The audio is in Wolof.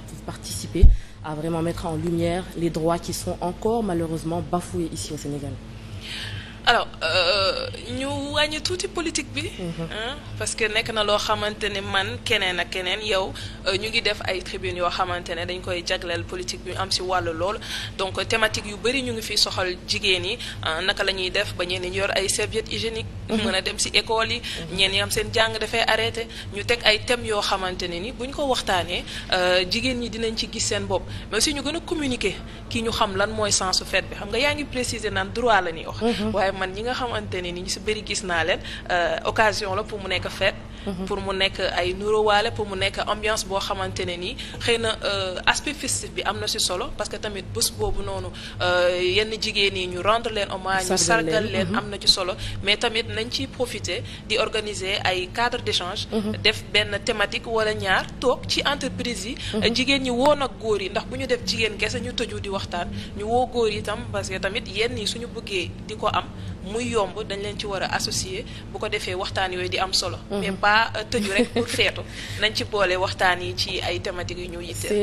peuvent participer à vraiment mettre en lumière les droits qui sont encore malheureusement bafoués ici au Sénégal. Alors, euh... ñu wàññi tuuti politique bi. Mhm. parce que nekk na loo xamante ne man keneen ak keneen yow euh, ñu ngi def ay tribune yoo xamante ne dañ koy jagleel politique bi am si wàll lool. donc thématique yu bëri ñu ngi fi soxal jigéen yi naka la ñuy def ba ñeen ñi yor ay serviette hygiénique. Mhm. mën a dem si école yi. Mhm. ñeen ñi am seen jàng dafay arrêté ñu teg ay thèmes yoo xamante ne ni buñ ko waxtaanee euh, jigéen ñi dinañ ci gis seen bopp mais aussi ñu gën a communiquer kii ñu xam lan mooy sensu fête bi xam ni ñi si bëri gis naa leen euh, occasion la pour mu nekk fête Mm-hmm. pour mu nekk ay nurowaale pour mu nekk ambiance boo xamante ne nii xëy na euh, aspect festif bi am na ci solo parce que tamit bés boobu noonu euh, yenn jigéen yi ñu rendre leen hommage ñu sargal leen mm-hmm. am na ci solo mais tamit nañ ciy profité di organiser ay cadre d'échange mm-hmm. def benn thématique wala ñaar toog ci entreprise yi jigéen ñi woo nag góor yi ndax bu ñu def jigéen kese ñu tëju di waxtaan ñu woo góor yi tam parce que tamit yenn yi suñu bëggee di ko am muy yomb dañ leen ci war a associer bu ko defee waxtaan yooyu di am solo a tëju rek pour feetu nañ ci boole waxtaan yi ci ay thématiques yu ñu yitteel